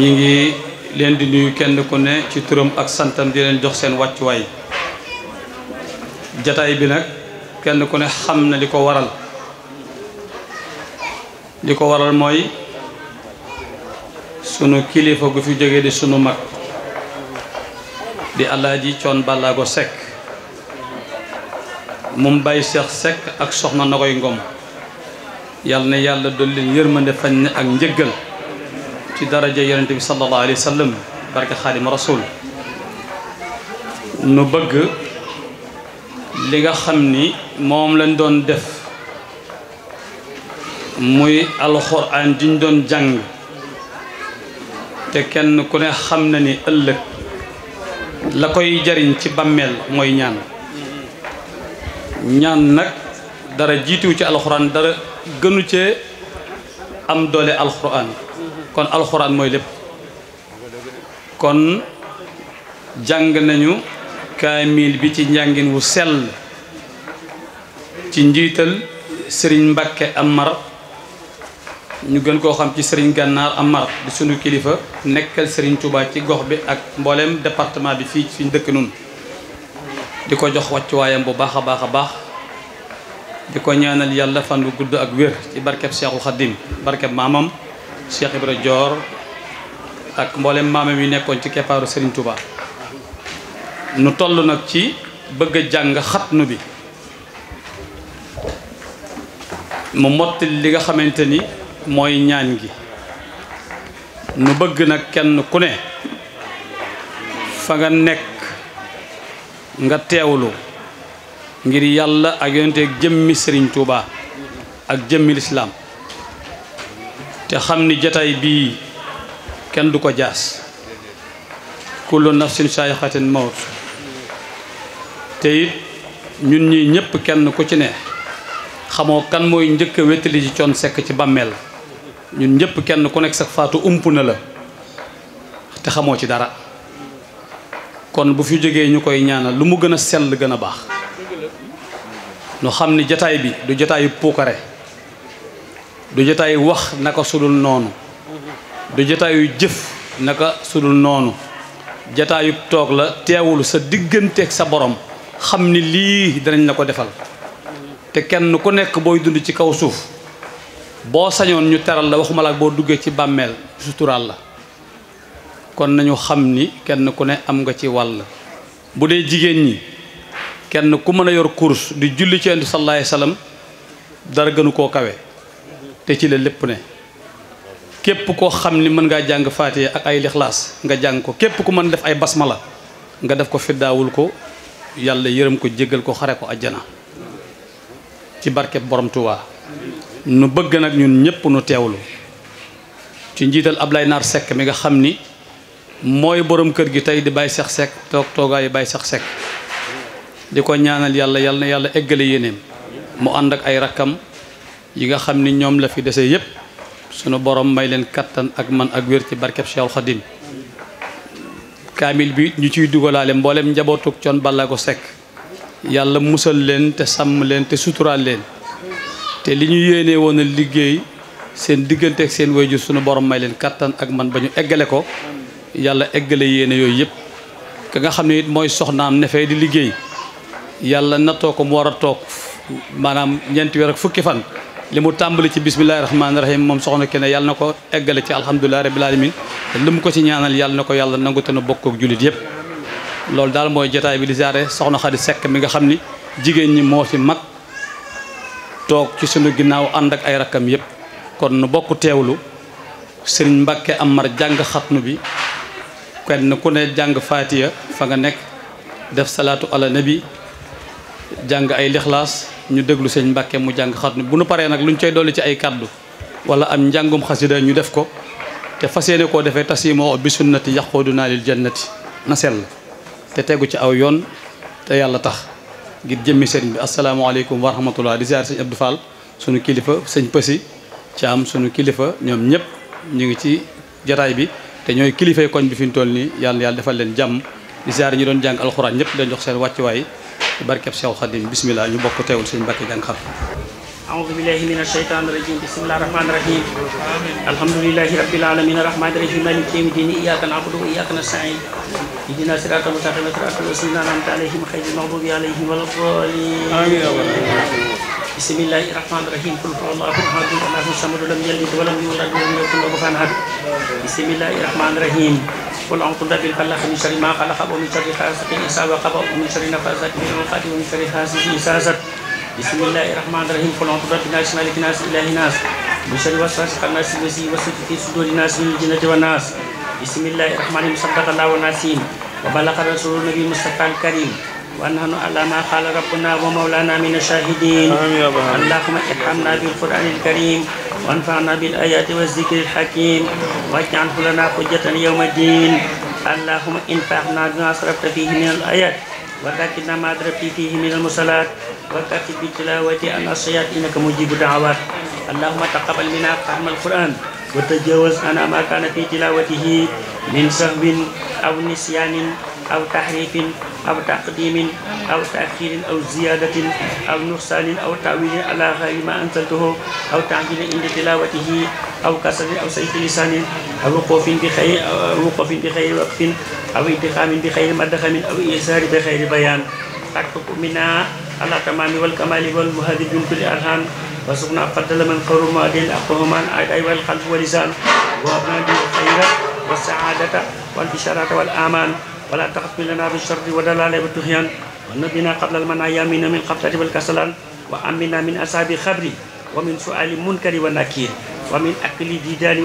ñi ngi leen di nuyu kenn ku ne ci turam ak santam di leen jox seen wàccuwaay jataay bi nag kenn ku ne xam na li ko waral li ko waral mooy sunu kilifa gu fi jógee di sunu mag di Alaaji Coon Ballaago Sekk moom Baye Cheikh Sekk ak soxna Nogoy Ngom yàlla na yàlla dolli leen yërmande fañ ne ak njëggal ci daraja yonente bi sallallahu alayhi wa sallam barke xaadim rasul nu bëgg li nga xam ni moom lañ doon def muy alxuraan diñ doon jàng te kenn ku ne xam na ni ëllëg la koy jariñ ci bàmmeel mooy ñaan ñaan nag dara jiituwu ci alxuraan dara gënu cee am doole alxuraan kon alxuraan mooy lépp kon jàng nañu kaamil bi ci njàngin wu sell ci Ammar, sëriñ Mbàkke Amar ñu gën Ammar. xam ci sëriñ Gànnaar Amar di sunu kilifa nekkal sëriñ Touba ci gox bi ak mbooleem département bi fii fi ñu dëkk nun di ko jox wàccuwaayam bu baax a baax a baax di mamam. ñaanal fan gudd ak ci Cheikh Ibra ak mboolem maamam yi nekkoon ci keppaaru Serigne Touba nu toll nag ci bëgg jàng xatnu bi mu mottali li nga xamante ni mooy ñaan gi nu bëgg nag kenn ku ne fa nga nekk nga teewlu ngir yàlla ak yonente ak jëmmi Serigne Touba ak jëmmi lislaam te xam ni jataay bii kenn du ko jaas kullu nafsin saayixatin mawt te it ñun ñi ñëpp kenn ku ci ne xamoo kan mooy njëkk a ci coon sekk ci bàmmeel ñun ñëpp kenn ku nekk sax faatu ump na la te xamoo ci dara kon bu fi jógee ñu koy ñaana lu mu gën a sell gën a baax nu xam ni jataay bi du jataayu puukare du jotaayu wax naka sudul noonu du jotaayu jëf naka sudul noonu jotaayu toog la teewul sa digganteeg sa borom xam ni lii danañ la ko defal te kenn ku nekk booy dund ci kaw suuf boo sañoon ñu teral la waxuma boo duggee ci bàmmeel suturaal la kon nañu xam ni kenn ku ne am nga ci wàll bu dee jigéen ñi kenn ku mën a yor course di julli ceen Yonent bi dara gënu koo kawe te ci la lépp ne képp koo xam ni mën ngaa jàng faatiha ak ay lixlaas nga jàng ko képp ku mën def ay basma la nga def ko fiddaawul ko yàlla yërëm ko jéggal ko xare ko ajjana ci barkeb borom Tuubaa nu bëgg nag ñun ñëpp nu teewlu ci njiital ab lay Naar sekk mi nga xam ni mooy borom kër gi tey di Baye Cheikh Seck toog toogaay Baye Cheikh Seck di ko ñaanal yàlla yàlla na yàlla eggale yéeneem mu ànd ak ay rakkam yi nga xam ni ñoom la fi dese yëpp sunu borom may leen kattan ak man ak wér ci barkeb Cheikhul Khadim kaamil bi ñu ciy dugalaale mboolem njabootuk Thione Ballago sekk yàlla musal leen te sàmm leen te suturaal leen te li ñu yéenee woon liggéey seen diggante ak seen wayjur sunu borom may leen kattan ak man ba ñu eggale ko yàlla eggale yéene yooyu yëpp ka nga xam ne it mooy soxnaam ne di liggéey yàlla nattoo ko mu war a toog maanaam ñeenti weer ak fukki fan li mu tàmbali ci bismillahi rahmaani rahim moom soxna kenn yàlla na ko eggale ci alhamdulilahi rabbil alamin te li mu ko ci ñaanal yàlla na ko yàlla nangu te nu bokk ak jullit yëpp loolu daal mooy jotaay bi di ziare soxna Xadi Sekk mi nga xam ni ñi moo fi mag toog ci sunu ginnaaw ànd ak ay rakkam yëpp kon nu bokk teewlu sëriñ Mbàkke Amar jàng xatnu bi kenn ku ne jàng faatiya fa nga nekk def salaatu ala nabi jàng ay lixlaas ñu déglu sëñ Mbàkke mu jàng xatnu bu nu paree nag lu ñu cay dolli ci ay kàddu wala am njàngum xasida ñu def ko te fas yéene koo defee tasimoo bi sunnati yaxoodunaa lil jannati na sell te tegu ci aw yoon te yàlla tax ngir jëmmi seen bi asalaamaaleykum wa rahmatullah di ziar sëñ Abdou Fall sunu kilifa sëñ Pësi ci am sunu kilifa ñoom ñëpp ñu ngi ci jataay bi te ñooy kilifay koñ bi fi ñu toll nii yàlla yàlla defal leen jàmm di ziar ñi doon jàng alxuraan ñëpp dañ jox seen wàccuwaay barkeb Seex Xaadim بسم الله bokk teewul sëñ Mbàkke Jang xam أعوذ بالله من الشيطان الرجيم بسم الله الرحمن الرحيم الحمد لله رب العالمين الرحمن الرحيم مالك يوم الدين إياك نعبد وإياك نستعين اهدنا صراط المستقيم صراط الذين أنعمت عليهم غير المغضوب عليهم ولا الضالين آمين بسم الله الرحمن الرحيم قل هو الله أحد الله الصمد لم يلد ولم يولد ولم يكن له كفوا أحد بسم الله الرحمن الرحيم والعنقود بالبلة من شر ما خلق ومن شر حاسد إذا وقب ومن شر نفاثات في العقد ومن شر حاسد إذا حسد بسم الله الرحمن الرحيم والعنقود بالناس مالك ناس إله ناس من شر وسواس الناس الذي يوسوس في صدور الناس من الجنة والناس بسم الله الرحمن الرحيم صدق الله ونسيم وبلغ رسول النبي المصطفى الكريم ونحن على ما قال ربنا ومولانا من الشاهدين اللهم ارحمنا بالقرآن الكريم وانفعنا بالآيات والذكر الحكيم واجعله لنا حجة يوم الدين اللهم انفعنا بما صرفت فيه من الآيات وذكرنا ما دربت فيه من المصلات وكفي بتلاوة النصيحات إنك مجيب الدعوات اللهم تقبل منا فهم القرآن وتجاوز عنا ما كان في تلاوته من سهو أو نسيان aw tahrifin aw taqdimin aw taxirin aw ziyadatin aw nuqsanin aw tawilin ala xayri ma anzaltahu aw taajilin inda tilawatihi aw kasarin aw sayfi lisanin aw wuqufin bi xayri wuqufin bi xayri waqfin aw idixaamin bi xayri madxamin aw isaari bi xayri bayan xattuku mina ala tamami wal kamali wal muhadi bin kulli arhan وسقنا قدل من قرم دين أقوهما أي والقلب واللسان وأبنا الخير والسعادة والبشارة والآمان ولا تحملنا بالشر والدلال والطغيان ونبنا قبل المنايا من من قبل والكسلان وأمنا من أصحاب خبري ومن سؤال منكر ونكير ومن أكل ديدان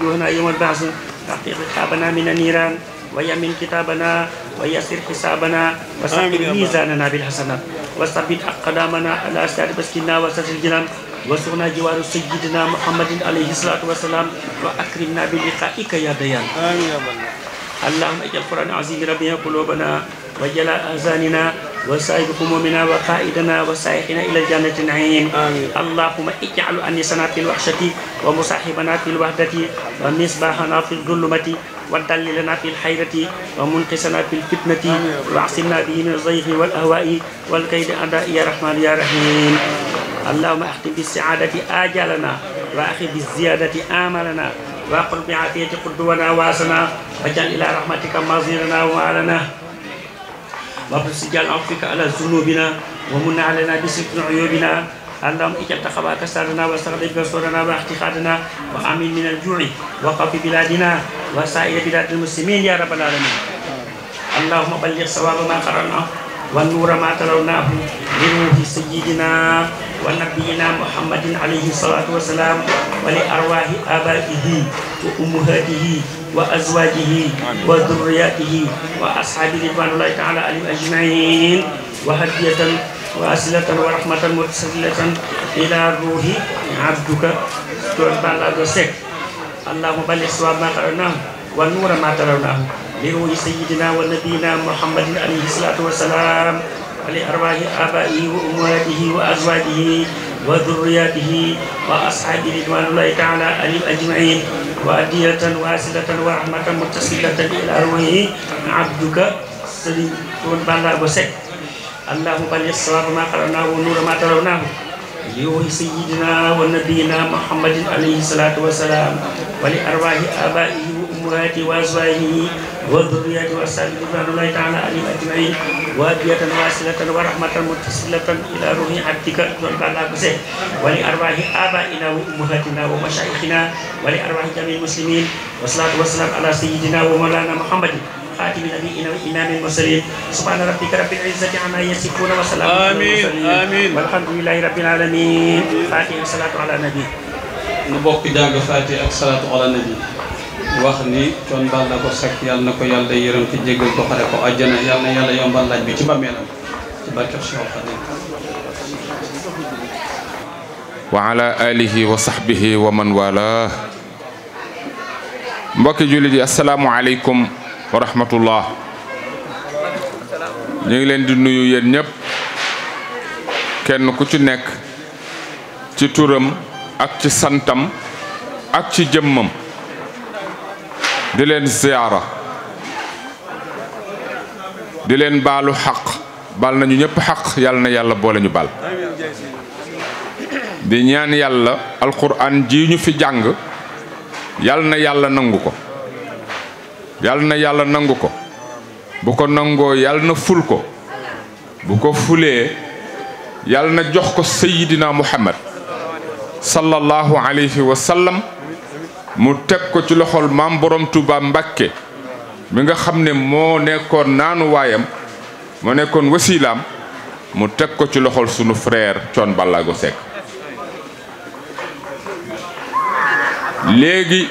وجوهنا يوم البعث تحقيق كتابنا من النيران ويمن كتابنا ويسر حسابنا وسقم ميزاننا بالحسنات وثبت أقدامنا على سعر مسكنا وسط الجنان وسغنا جوار سيدنا محمد عليه الصلاة والسلام وأكرمنا بلقائك يا ديان آمين يا الله اللهم اجعل القرآن العظيم ربنا قلوبنا وجل أذاننا وسائر منا وقائدنا وسائحنا إلى الجنة النعيم اللهم اجعل انسنا في الوحشة ومصاحبنا في الوحدة ومصباحنا في الظلمة ودللنا في الحيرة ومنقصنا في الفتنة واعصمنا به من الضيف والأهواء والكيد أداء يا رحمن يا رحيم اللهم اختم بالسعادة آجالنا وأخذ بالزيادة آملنا واقل بعافية قدونا واسنا واجعل إلى رحمتك مصيرنا ومعلنا وابن سجال عفوك على ذنوبنا ومن علينا بستر عيوبنا اللهم اجعل تقبل كسرنا واستغفر بصورنا واعتقادنا وامن من الجوع وقف بلادنا وسائر بلاد المسلمين يا رب العالمين اللهم بلغ صواب ما قرأناه والنور ما ترونه من وجه سيدنا ونبينا محمد عليه الصلاة والسلام ولأرواح آبائه وأمهاته وأزواجه وذرياته وأصحابه رضوان الله تعالى عليهم أجمعين وهدية وأسلة ورحمة متسلة إلى روح عبدك سورة الله اللهم بلغ صواب ما قرأناه ونور ما ترونه لروي سيدنا ونبينا محمد عليه الصلاة والسلام ولأرواح آبائه وأمهاته وأزواجه وذرياته وأصحابه رضوان الله تعالى عليهم أجمعين وأدية واصلة ورحمة متصلة إلى روحه عبدك سليم بن بسك اللهم بلغ الصواب ما قرأناه ونور ما ترونه ليوهي سيدنا ونبينا محمد عليه الصلاة والسلام ولأرواح آبائه وأمواتي وأزواجه وذريته وأصحابه رضوان الله تعالى عليهم أجمعين وهدية واصلة ورحمة متصلة إلى روح عبدك والبلاغ به ولأرواح آبائنا وأمهاتنا ومشايخنا ولأرواح جميع المسلمين والصلاة والسلام على سيدنا ومولانا محمد خاتم نبينا وإمام المرسلين سبحان ربك رب العزة عما يصفون وسلام آمين آمين والحمد لله رب العالمين فاتح الصلاة على النبي نبوك داغ فاتح الصلاة على النبي wax ni coon baal na ko sekk yàlla na ko yàlla yërëm te jéggal ko xare ko àjjana yàlla na yàlla yombal laaj bi ci bàmmeelam ci barkeb Cheikh Xadim wa ala alihi wa sahbihi man wala mbokki jullit yi asalaamualeykum wa rahmatullah ñu ngi leen di nuyu yéen ñëpp kenn ku ci nekk ci tuuram ak ci santam ak ci jëmmam di leen siyaara di leen baalu xaq bal nañu ñëpp xaq yàlla na yàlla boole ñu bal di ñaan yàlla alxuraan ji ñu fi jàng yàlla na yàlla nangu ko yàlla na yàlla nangu ko bu ko nangoo yàlla na ful ko bu ko fulee yàlla na jox ko sayidina muhammad sallallahu alayhi wa mu teg ko ci loxol maam borom tubaam mbakke mi nga xam ne moo nekkoon naanuwaayam moo nekkoon wasiilaam mu teg ko ci loxol sunu frère Thione Ballago Seck léegi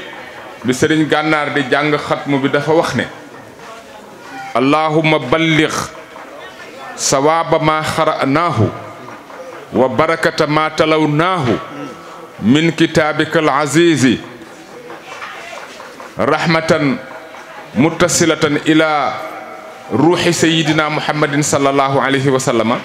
bi sëriñ gànnaar di jàng xatmu bi dafa wax ne allahumma balligh sawaaba ma xara'naahu wa barakata ma talawnaahu min kitaabika al azizi rahmatan muttasilatan ila ruuxi sayidina muhammadin sallallahu alayhi wa sallama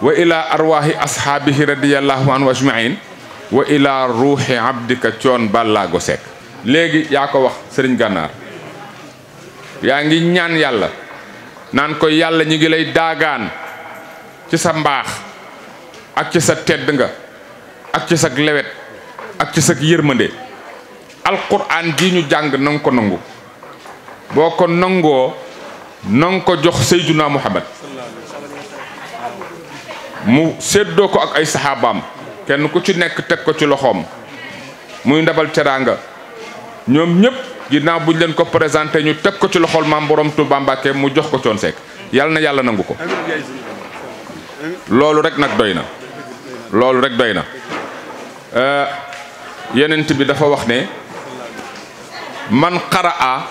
wa ila arwaahi ashaabihi radiallahu anhu ajmain wa ila ruuxi abdika coon bàllaago sek léegi yaa ko wax sëriñ gànnaar yaa ngi ñaan yàlla naan ko yàlla ñu ngi lay daagaan ci sa mbaax ak ci sa tedd nga ak ci sa lewet ak ci sa yërmande alquran ji ñu jàng na ko nangu boo ko nangoo na ko jox sayduna muhammad mu seddoo ko ak ay saxaabaam kenn ku ci nekk teg ko ci loxoom muy ndabal teraanga ñoom ñëpp ginnaaw buñ leen ko présenté ñu teg ko ci loxol maam borom Tuuba Mbàkke mu jox ko coon seek yàlla na yàlla nangu ko loolu rek nag doy na loolu rek doy na euh, yenent bi dafa wax ne من قرأ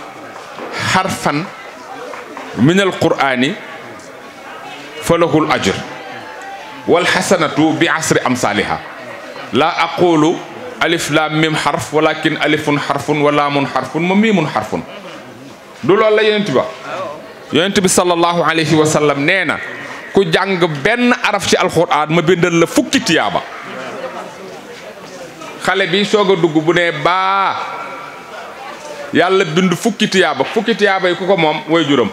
حرفا من القرآن فله الأجر والحسنة بعشر أمثالها لا أقول ألف لام ميم حرف ولكن ألف حرف ولام حرف وميم حرف دول الله ينتبع ينتبع صلى الله عليه وسلم نينا كو جانغ بن عرف شي القرآن ما دل فكي تيابا خالي بي سوغ دوغو با yàlla bind fukki tiyaaba fukki tiyaaba yi ku ko moom way juram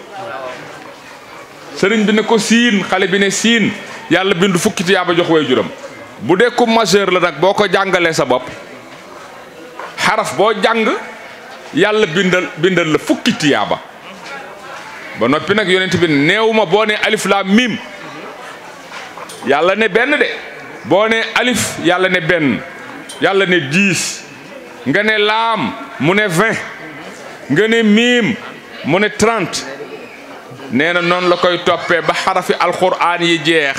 sëriñ bi ne ko siin xale bi ne siin yàlla bind fukki tiyaaba jox way juram bu dee ku majeur la nag boo ko jàngalee sa bopp xaraf boo jàng yàlla bindal bindal la fukki tiyaaba ba noppi nag yonent bi neewuma boo ne alif laa miim yàlla ne benn de boo nee alif yàlla ne benn yàlla ne dix nga ne laam mu ne vingt nga ne miim mu ne trente nee na noonu la koy toppee ba xarafi alxuraan yi jeex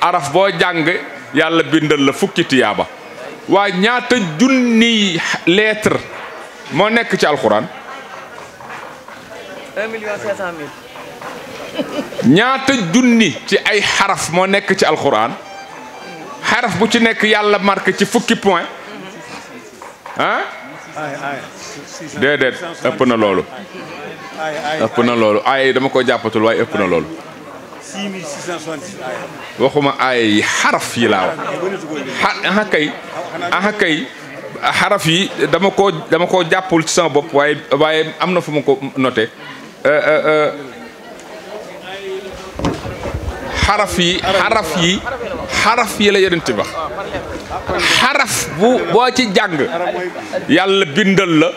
araf boo jàng yàlla bindal la fukki tiyaaba waa ñaata junniy lettre moo nekk ci alxuraan. un million ñaata junni ci ay xaraf moo nekk ci alxuraan xaraf bu ci nekk yàlla mark ci fukki point ah. déedéet ëpp na loolu. ëpp na loolu ay dama ko jàppatul waaye ëpp na loolu. waxuma ay xaraf yi laa wax kay ah kay xaraf yi dama ko dama koo jàppul ci sama bopp waaye waaye am na fu ma ko noté euh, euh, euh, xaraf yi xaraf yi xaraf yi la yeneen ti xaraf bu boo ci jàng yàlla bindal la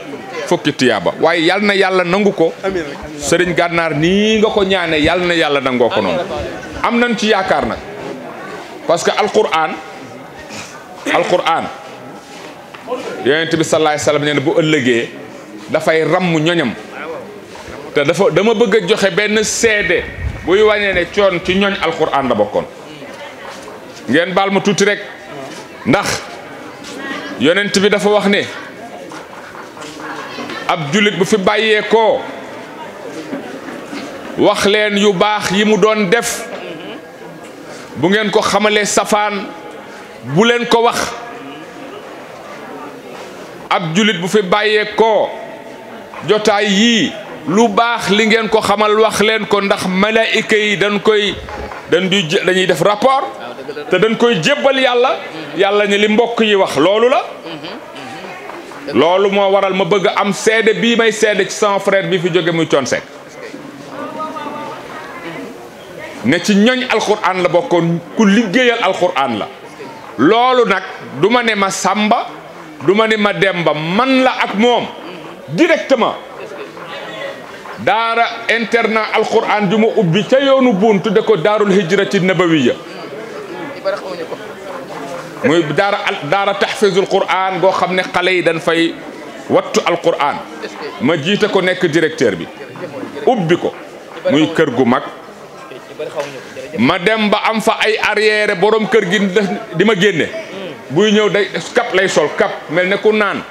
fukki tuyaaba waaye yal na yàlla nangu ko sëriñ gànnaar nii nga ko ñaane yal na yàlla nangoo ko noonu am nañ ci yaakaar nag parce que alquran alquran yonent bi salaay salaam nee na bu ëllëgee dafay ramm ñoñam te dafa dama bëgg joxe benn seede buy wàññee ne coon ci ñoñ alquran la bokkoon ngeen baal ma tuuti rek ndax yonent bi dafa wax ne ab Bayeko, bu fi Yimudon wax yu yi mu def bu ngeen ko xamalee safaan bu leen ko wax ab jullit bu fi bàyyeekoo jotaay yii lu baax li ngeen ko xamal wax leen ko ndax malaayika yi dan koy di dañuy def rapport te dañ koy jébbal yàlla yàlla ni li mbokk yi wax loolu la loolu moo waral ma bëgg am seede bii may seede ci sama frère bi fi jóge muy Thione Seck ne ci ñoñ alxuraan la bokkoon ku liggéeyal alxuraan la loolu nag du ma ne ma sàmba du ma ne ma demba man la ak moom directement daara internat alxuraan ju ma ubbi ca yoonu buun tudde ko daarul hijrati nabawiya bari xamuñu muy daara daara taxfisul quraan goo xam ne xale yi dan fay wattu alquraan ma jiite ko nekk directeur bi ubbi ko muy kër gu mag ma dem ba am fa ay arrière borom kër gi di ma génne buy ñëw day kap lay sol kap mel ne ku naan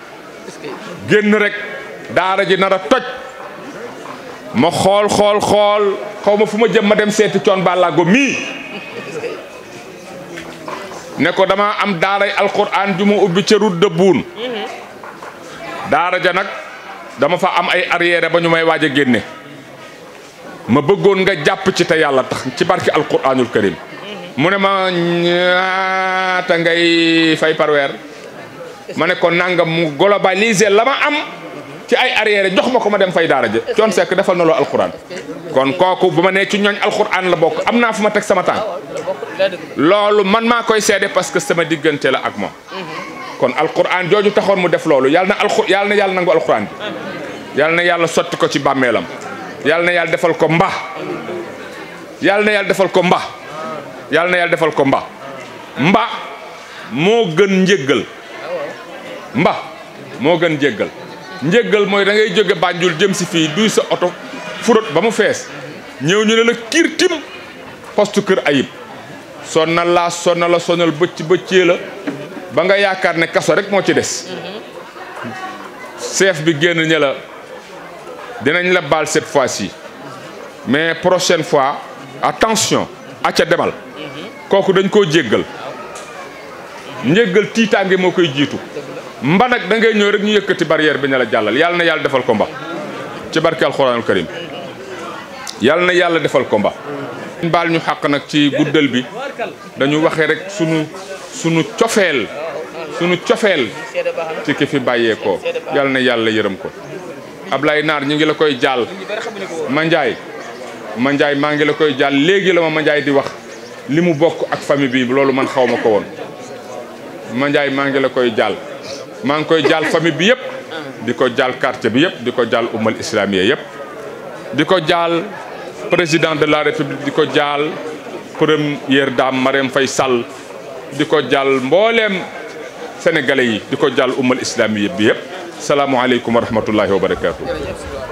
génn rek daara ji nar a toj ma xool xool xool xaw ma fu ma jëm ma dem seeti coon bàllaago mii ne ko dama am daaray alquran ju ma ubbi ca route de Boune daara ja nag dama fa am ay arrière ba ñu may waaj a génne ma bëggoon nga jàpp ci te yàlla tax ci barki alquranul karim mu ne ma ñaata ngay fay par weer ma ne ko nangam mu globaliser la ma am ci ay arrière jox ma ko ma dem fay daara ja coon sekk defal na loo alxuraan kon kooku bu ma nee ci ñooñ alxuraan la bokk am naa fu ma teg sama tànk loolu man maa koy seede parce que sama diggante la ak moom kon alxuraan jooju taxoon mu def loolu yàlla ne alxu yàlla na yàlla nangu alxuraan bi yàlla na yàlla sotti ko ci bàmmeelam yàlla na yàlla defal ko mba na yàlla defal ko mba yàlla na yàlla defal ko mba mba moo gën njéggal mba moo gën njéggal njéggal mooy da ngay jóge Banjul jëm si fii duy sa oto furóot ba mu fees ñëw ñu ne la kiir tim poste kër ayib sonnal laa sonna la sonal bëcc bëccee la ba nga yaakaar ne kaso rek moo ci des chef bi génn ña la dinañ la baal set fois-ci mais prochaine fois a ca demal mhm. kooku dañ koo jéggal ah. njéggal tiitaange moo koy jiitu mba nag da ngay ñëw rek ñu yëkkati barrière bi ne la jàllal yàlla na yàlla defal ko mba ci barke alxuraanul karim yàlla na yàlla defal ko mba baal ñu xàq nag ci guddal bi dañu waxe rek sunu sunu cofeel sunu cofeel ci ki bàyyeekoo yal na yàlla yërëm ko ab lay Naar ñu ngi la koy jàll Mandiaye Mandiaye maa ngi la koy jàll léegi la ma Mandiaye di wax li mu bokk ak famille bi loolu man xaw ko woon Mandiaye maa ngi la koy jàll maa ngi koy jàll famille bi yëpp di ko jàll quartier bi yëpp di ko jàll umal islamiye yëpp di ko jàll président de la république di ko jàll première dame Marème Faye Sall di ko jàll mbooleem sénégalais yi di ko jàll umal islamiye bi yëpp salaamualeykum wa rahmatullahi wa